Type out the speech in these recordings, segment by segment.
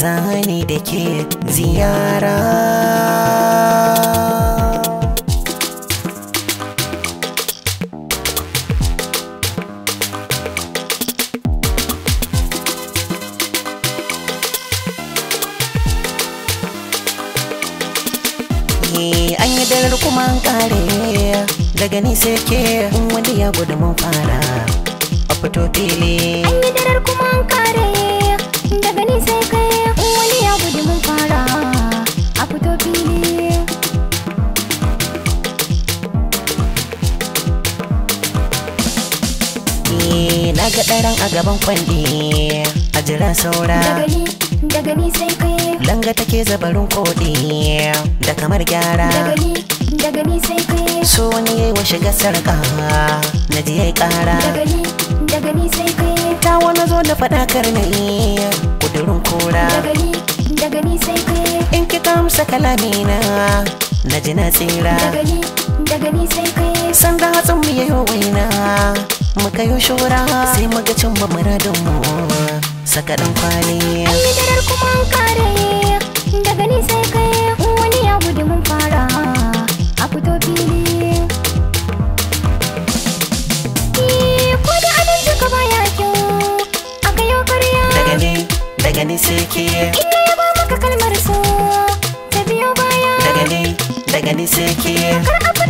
zani da ke ziyara an yi dalar kuma an kare daga nisa ke ya gudu mun fara a fito fili na ga ɗaran a gaban kwandi a jiran saura daga ni sai kai langa take zabarin kodi da kamar gyara daga ni sai kai so wani yayi wa shiga sarka na ji yayi kara daga ni sai kai ta wani zo da fadakar ne kudurin kora daga ni sai kai in kika amsa kalamina na ji na tsira daga ni sai kai san da hatsin mu yayi waina muka yi shura sai muga cin ba mu saka dan kwali an kuma an kare daga ni sai kai wani ya gudu mun fara a fito fili eh, ko da anan duka baya kyau a kayo karya daga ni daga ni sai ke ina ya ba maka kalmar so ta biyo baya daga ni daga ni sai ke kar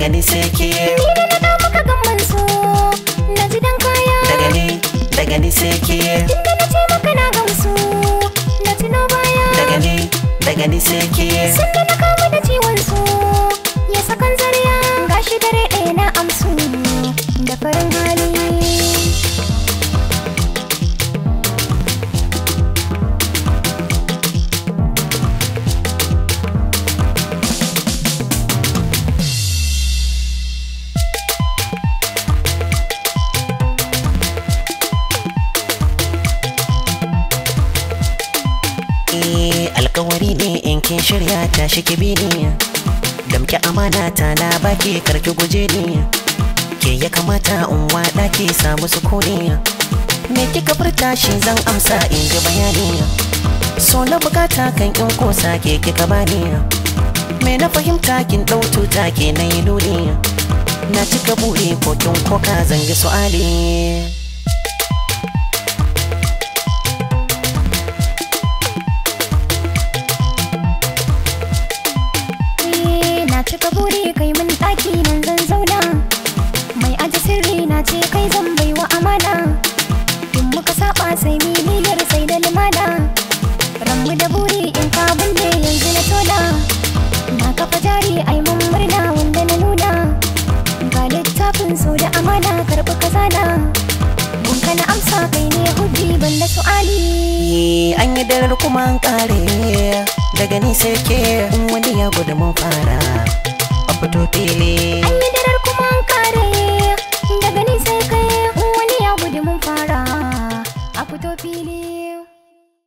daga ni sai ke Ni da na maka gamban so na ji dan kaya dagani dagani daga ni sai ke Tunda na ce maka na gamsu baya dagani dagani daga ni sai ke Sun da na kama da ciwon so ya sakan zariya gashi dare ɗaya eh alkawari ne in kin shirya ta shi ki bi ni damke amana ta na baki karki guje ni ke ya kamata in wada ke samu sukuni me kika furta shi zan amsa in ji bayani so na bukata kan in ko sake kika bani me na fahimta kin dau tuta ke na yi nuni na cika buɗe ko zan koka su su'ali bude kai mun ɗaki nan zan zauna mai aji sirri na ce kai zan baiwa amana in muka saba sai miliyar sai da limana ranmu da buri in ka bunne yanzu na tona na kafa jari ai mun murna wanda na nuna ga littafin so da amana karɓi kazana mun kana amsa kai ne hujji banda su'ali an yi dalar kuma an kare daga nisa ke wani ya gudu mun fara fito fili.